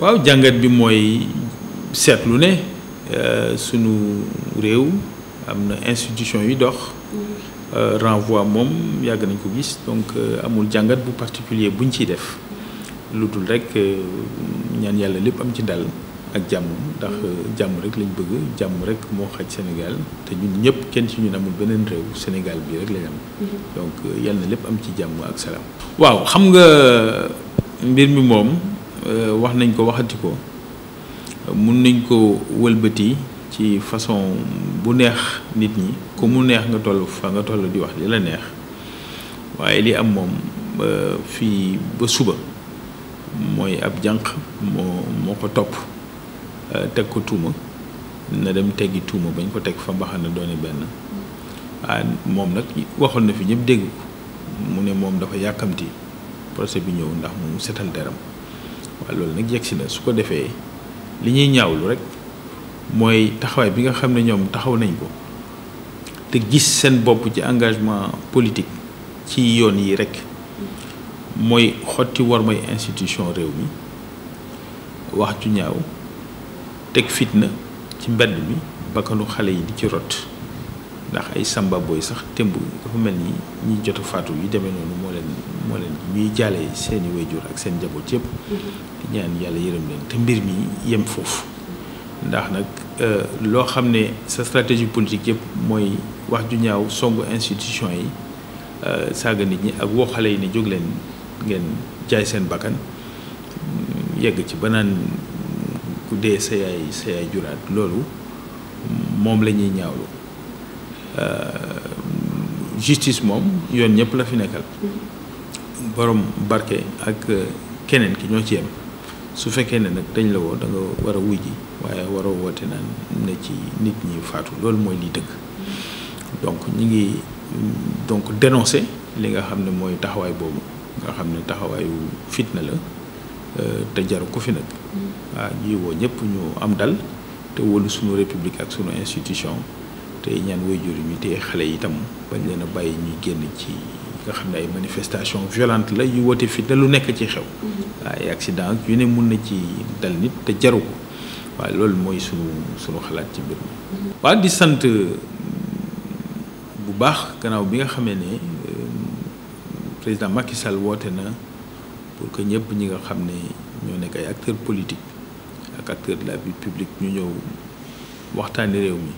waaw jàngat bi mooy seetlu ne euh, sunu réew am na institution yu dox mm-hmm. euh, renvoi moom yàgg nañ ko gis donc euh, amul jàngat bu particulier buñ ciy def lu dul rekk ñaan yàlla lépp am ci dal ak jàmm ndax jàmm rek lañ bëgg jàmm rek moo xaj Sénégal te ñun ñëpp kenn ci ñun amul beneen réew Sénégal bii rek lañ am. Mm-hmm. donc euh, yàlla na lépp am ci jàmm ak salaam. waaw xam nga euh, mbir mi moom euh, wax nañ ko waxati ko mun nañ ko wëlbati ci façon bu neex nit ñi ko mu neex nga toll fa nga toll di wax li la neex waaye li am moom fii ba suba mooy ab jànq moo moo ko topp. Euh, teg ko tuuma na dem teggi tuuma bañ ko teg fa mbaxana doone benn ah moom nag waxoon na fi ñëpp dégg ko mu ne moom dafa yàkkamti procès bi ñëw ndax mu setal deram waaye loolu nag yegg si na su ko defee li ñuy ñaawlu rek mooy taxawaay bi nga xam ne ñoom taxaw nañ ko te gis seen bopp ci engagement politique ci yoon yi rek mooy xotti war mooy institution réew mi wax ju ñaaw teg fitna ci mbedd mi bakkanu xale yi di ci rot ndax ay samba sax témb dafa mel ni ñi jot a faatu yu demee noonu moo leen moo leen ñuy jaale seeni wayjur ak seen njaboot yëpp mm-hmm. ñaan yàlla yërëm leen te mbir mi yem foofu ndax nag euh, loo xam ne sa stratégie politique yëpp mooy wax ju ñaaw songu institution yi euh, saaga nit ñi ak woo xale yi ne jóg leen ngeen jaay seen bakkan yegg ci banaan ku dee sa yaay sa yaay juraat loolu moom la ñuy ñaawlu euh, justice moom yoon ñëpp la fi nekkal boroom barke ak keneen ki ñoo ci yem su fekkee ne nag dañ la woo da war a wuy ji waaye waroo woote naan ne ci nit ñi faatu loolu mooy liy dëkk donc ñi ngi donc dénoncer li nga xam ne mooy taxawaay boobu nga xam ne taxawaayu fitna la euh, te jaru ko fi nag waaw ñuy woo ñëpp ñu am dal te wóolu sunu république ak sunu institution tey ñaan waajur yi ñu téye xale yi itam bañ leen a bàyyi ñuy génn ci nga xam ne ay manifestation violente la yu woote fi da lu nekk ci xew mm-hmm. ay accident yu ne mun na ci dal nit te jaru ko waaw loolu mooy sunu sunu xalaat ci mbir mi mm-hmm. di sant mm, bu baax gannaaw bi nga xamee ne mm, président Macky Sall woote na pour que ñëpp ñi nga xam ne ñoo nekk ay acteurs politique ak acteurs de la vie publique ñu ñëw waxtaani réew mi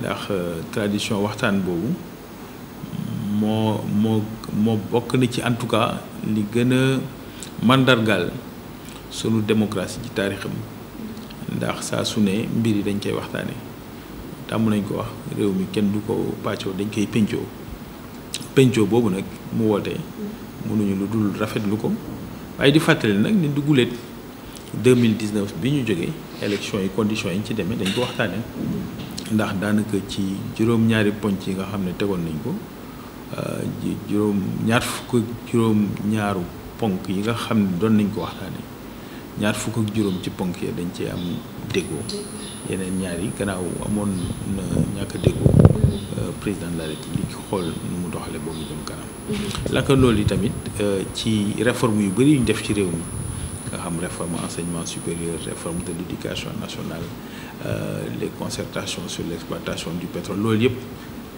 ndax euh, tradition waxtaan boobu moo moo moo bokk na ci en tout cas li gën a màndargaal sunu démocratie ci taarixam ndax saa su ne mbir yi dañ koy waxtaane tàmm nañ ko wax réew mi kenn du ko pàccoo dañ koy pencoo pencoo boobu nag mu woote mm. mënuñu lu dul rafetlu ko waaye di fàttali nag ni duguleet 2019 bi ñu jógee election yi conditions yi ñu ci demee dañ ko waxtaanee ndax daanaka ci juróom-ñaari ponc yi nga xam ne tegoon nañ ko euh, juróom ñaar fukk juróom-ñaaru ponk yi nga xam ne doon nañ ko waxtaanee. ñaar fukk ak juróom ci ponk ya dañ cee am déggoo yeneen ñaari yi gannaaw amoon na ñàkk a déggoo euh, président de la république xool nu mu doxale ba mu jëm kanam mm-hmm. laka loolu yi tamit euh, ci réforme yu bëri yu ñu def ci réew mi nga xam réforme enseignement supérieur réforme de l'éducation nationale euh, les concertations sur l'exploitation du pétrole loolu yëpp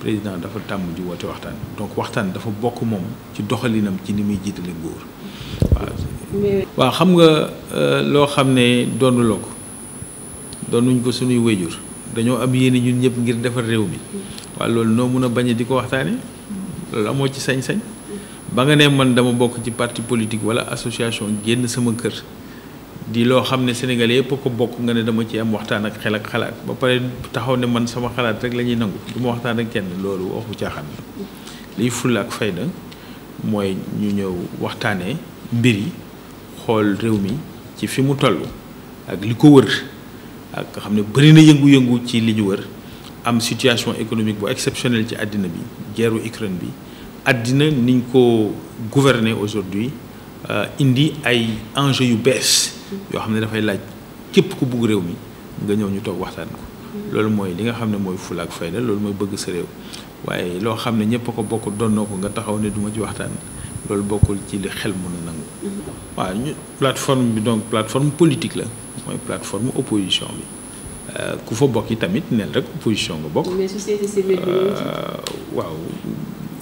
président dafa tàmm di woote waxtaan donc waxtaan dafa bokk moom ci doxalinam ci ni muy jiitale nguur waaw. waaw xam nga euh, loo xam ne doonuloo ko doonuñ ko suñuy wéjur dañoo am yéene ñun ñëpp ngir defar réew mi waaye loolu noo mun a bañ a di ko waxtaane loolu amoo ci sañ-sañ ba nga ne man dama bokk ci parti politique wala association génn sama kër. di loo xam ne sénégalais yëpp ko bokk nga ne dama ci am waxtaan ak xel ak xalaat ba pare taxaw ne man sama xalaat rek la ñuy nangu du ma waxtaan ak kenn loolu waxu caaxaan la liy fulla ak fayda mooy ñu ñëw waxtaanee mbir yi xool réew mi ci fi mu toll ak li ko wër ak xam ne bëri na yëngu-yëngu ci li ñu wër am situation économique bu exceptionnelle ci àddina bi guerru Ukraine bi àddina niñ ko gouverner aujourd'hui Euh, indi ay enjeux yu bees yoo xam ne dafay laaj képp ku bugg réew mi nga ñëw ñu toog waxtaan ko loolu mooy li nga xam ne mooy fulla ak fayda loolu mooy bëgg sa réew waaye loo xam ne ñëpp a ko bokk donnoo ko nga taxaw ne duma ci waxtaan loolu bokkul ci li xel mën a nangu waaw plateforme bi donc plateforme politique la mooy plateforme opposition bi euh, ku fa bokk yi tamit nel rek opposition nga bokk euh, waaw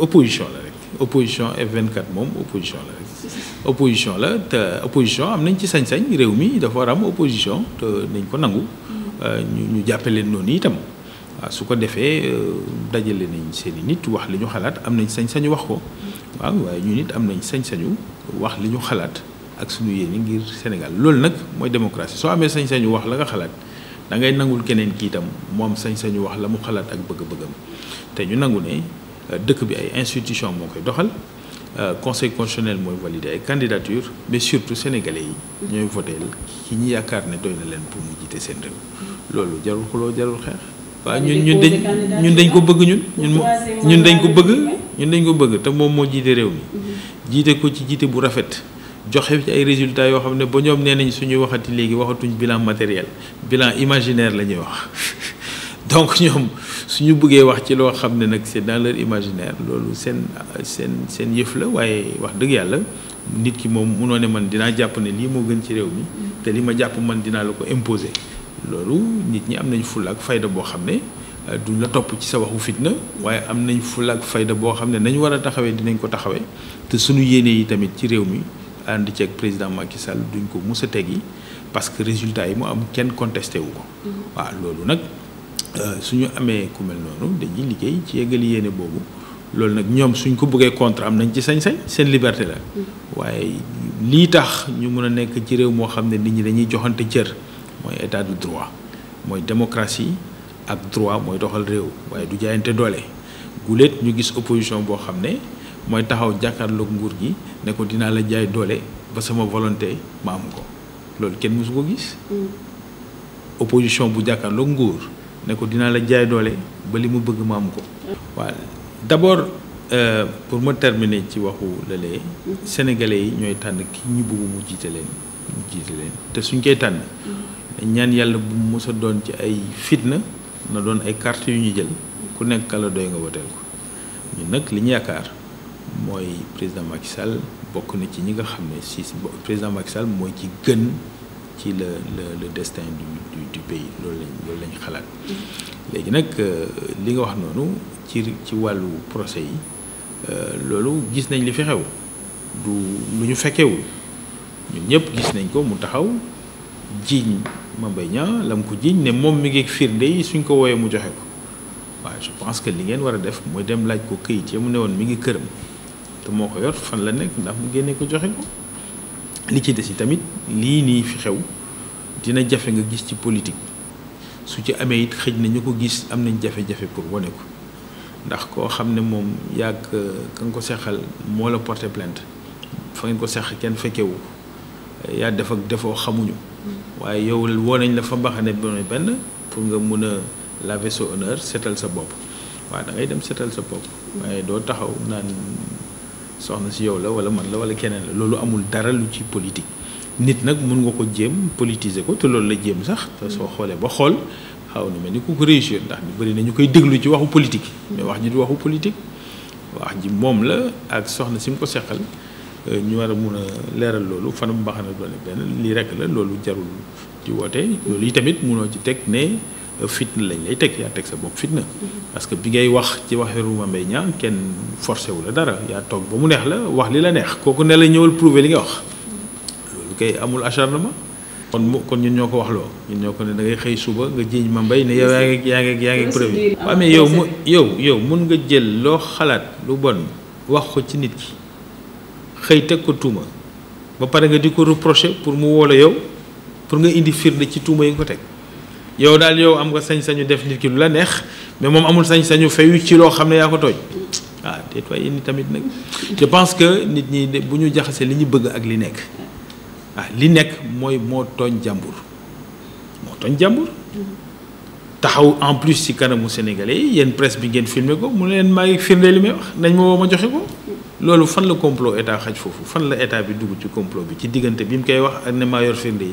la rek opposition F24 moom opposition la rek opposition la te opposition am nañ ci sañ-sañ réew mi dafa war am opposition te nañ ko nangu euh, ñu jàppe leen noonu itam waaw su ko defee euh, dajale nañ seen i nit wax li ñu xalaat am nañ sañ-sañu wax ko waaw waaye ñu nit am nañ sañ-sañu wax li ñu xalaat ak suñu yéene ngir Sénégal loolu nag mooy démocratie soo amee sañ-sañu wax la nga xalaat da ngay nangul keneen kii itam mu sañ-sañu wax la mu xalaat ak bëgg-bëggam bëgg te ñu nangu ne euh, dëkk bi ay institution moo koy doxal Euh, conseil constitutionnel mooy valider ay candidature mais surtout sénégalais yi. ñooy voté ki ñu yaakaar ne doy na leen pour mu jiite seen réew. loolu jarul xuloo jarul xeex. waaw ñun ñun dañ ñun dañ ko bëgg ñun. ñun dañ ko bëgg ñun dañ ko bëgg te moom moo jiite réew mi. Mhm. jiite ko ci jiite bu rafet. joxe ci ay résultats yoo xam ne ba ñoom nee nañ suñuy waxati léegi waxatuñ bilan matériel bilan imaginaire la ñuy wax. donc ñoom suñu bëggee wax ci loo xam ne nag c'est dans leur imaginaire loolu seen seen seen yëf la waaye wax dëgg yàlla nit ki moom munoo ne man dinaa jàpp ne lii moo gën ci réew mi te li ma jàpp man dinaa la ko imposer loolu nit ñi am nañ fulla ak fayda boo xam ne euh, duñ la topp ci sa waxu fitna waaye am nañ fulla ak fayda boo xam ne nañu war a taxawee dinañ ko taxawee te suñu yéene yi tamit ci réew mi ànd ceeg président Macky Sall duñ ko mus a teggi parce que résultat yi mu am kenn contesté wu ko mm-hmm. waaw loolu nag Euh, suñu amee ku mel noonu dañuy liggéey ci yeggali yéene boobu loolu nag ñoom suñ ko bëggee contre am nañ ci sañ-sañ seen liberté la mm-hmm. waaye lii tax ñu mën a nekk ci réew moo xam ne nit ñi dañuy joxante cër mooy état droit mooy démocratie ak droit mooy doxal réew waaye du jaayante doole guléet ñu gis opposition boo xam ne mooy taxaw jàkkarlook nguur gi ne ko dinaa la jaay doole ba sama volonté ma am ko loolu kenn mësu ko gis mm-hmm. opposition bu jàkkaarloog nguur ne ko dinaa la jaay doole ba li mu bëgg ma am ko. waaw d'abord euh, pour ma terminer ci waxu lële. sénégalais yi ñooy tànn ki ñu bëgg mu jiite leen mu jiite leen te suñ koy tànn. ñaan yàlla bu mu mës doon ci ay fitna na doon ay carte yu ñu jël ku nekk kala doy nga woteel ko ñun nag li ñu yaakaar mooy président Macky Sall bokk na ci ñi nga xam ne si président Macky mooy ci gën. ci la la le destin du du pays loolu lañ xalaat mm-hmm. léegi nag euh, li nga wax noonu ci ci wàllu procès yi euh, loolu gis nañ li fi xew du lu ñu fekkewul ñun ñëpp gis nañ ko mu taxaw jiiñ ma Mbaye Niang la ko jiiñ ne moom mi ngi firnde yi suñ ko wooyee mu joxe ko waaye je pense que li ngeen war a def mooy dem laaj ko këyit ya mu ne woon mi ngi këram te moo ko yor fan la nekk ndax mu génne ko joxe ko li ci des yi tamit lii nii fi xew dina jafe nga gis ci politique su ci amee it xëj na ñu ko gis am nañ jafe-jafe pour wane ko ndax koo xam ne moom yàgg ka nga ko seqal moo la porté plainte fa ngeen ko seq kenn fekkewu yaa def ak defoo xamuñu waaye yow woo nañ la fa mbaxane benn pour nga mun a laver sa honneur seetal sa bopp waaw da dem seetal sa bopp waaye doo taxaw naan soxna si yow la wala man la wala keneen la loolu amul dara lu ci politique nit nag mun nga ko jéem politiser ko te loolu la jéem sax te soo mm. xoolee ba xool xaw na mel ni ku ko réussir ndax ñu bëri nañu koy déglu ci waxu politique mm. mais wax ji du waxu politique wax ji moom la ak soxna si mu ko seqal euh, ñu war a mun a leeral loolu fanam mbaxana doone benn lii rek la loolu jarul ci woote loolu yi tamit munoo ci teg ne fitna lañ lay teg yaa teg sa bopp fitna. Mm-hmm. parce que bi ngay wax ci waxi Rouba Mbaye Niang kenn forcé wu la dara yaa toog ba mu neex la wax li la neex kooku ne la ñëwal prouver li nga wax mm-hmm. loolu kay amul acharnement. kon mu kon ñun ñoo ko wax loo ñun ñoo ko ne da xëy suba nga jiiñ ma mbay ne yow yaa ngi yaa ngi yaa ngi preuve waaw mais yow mu yow yow mun nga jël loo xalaat lu bon wax ko ci nit ki xëy teg ko tuuma ba pare nga di ko reprocher pour mu woole yow pour nga indi firnde ci tuuma yi nga ko teg yow daal yow am nga sañ-sañu def nit ki lu la neex mais moom amul sañ-sañu fayu ci loo xam ne yaa ko tooñ ah te waaye ni tamit nag je pense que nit ñi bu ñu jaxasee li ñu bëgg ak li nekk ah li nekk mooy moo tooñ jàmbur moo tooñ jàmbur taxaw en plus ci kanamu sénégalais yi yéen presse bi ngeen filmé ko mu leen maa ngi firnde li may wax nañ ma woo ma joxe ko loolu fan la complot état xaj foofu fan la état bi dugg ci complot bi ci diggante bi mu koy wax ak ne maa yor firnde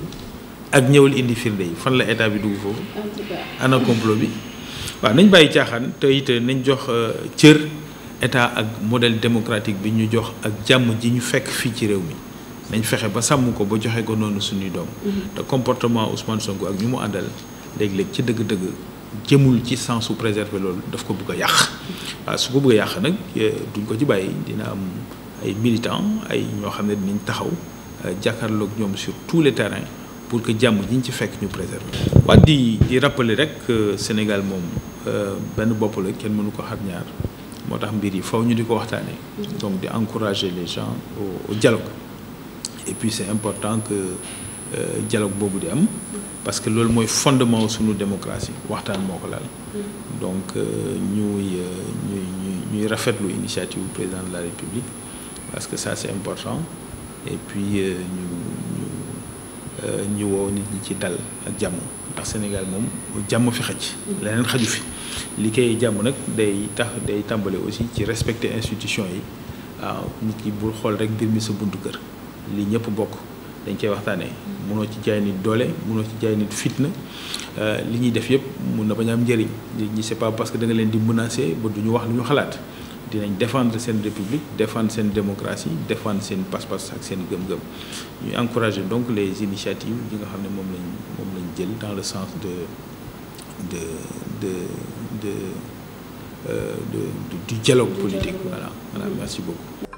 ak ñëwal indi firnde yi fan la état bi dugg foofu. ana complot bi. waa nañ bàyyi caaxaan te it nañ jox euh, cër état ak modèle démocratique bi ñu jox ak jàmm ji ñu fekk fii ci réew mi nañ fexe ba sàmm ko ba joxe ko noonu suñuy doom. Mm-hmm. te comportement Ousmane Sonko ak ñu mu àndal léegi léeg ci dëgg-dëgg jëmul ci su préserver loolu daf ko bëgg yàq. waaw su ko bëgg yàq nag euh, duñ ko ci bàyyi dina am ay militants ay ñoo xam ne dinañ taxaw euh, jàkkaarloog ñoom sur tous les terrains. pour que jàmm ji ñu ci fekk ñu préserver waa di di rappeler rek Sénégal moom euh, benn bopp la kenn mënu ko xar ñaar moo tax mbir yi faw ñu di ko waxtaanee mm-hmm. donc di encourager les gens au dialogue et puis c'est important que euh, dialogue boobu di am mm-hmm. parce que loolu mooy fondement suñu démocratie waxtaan moo ko laal mm-hmm. donc euh, ñuy ñuy ñuy rafetlu initiative président de la République parce que ça c'est important et puis ñu Euh, ñu woo nit ñi ci dal ak jàmm ndax Sénégal moom jàmm fi xëcc leneen xaju fi li koy jàmm nag day tax day tàmbale aussi ci respecte institution yi waaw ah, nit ki bul xool rek mbir mi sa buntu kër lii ñëpp bokk dañ koy waxtaanee mënoo ci jaay nit doole munoo ci jaay nit fitna euh, li ñuy def yëpp mun na bañ am njëriñ nit ñi c'est pas parce que da leen di menacer ba du ñu wax lu ñu xalaat dinañ défendre seen république défendre seen démocratie défendre seen pas-pas ak seen gëm-gëm ñuy encourager donc les initiatives yi nga xam ne moom lañ moom lañ jël dans le sens de de de de, de, euh, de, de du dialogue politique voilà voilà merci beaucoup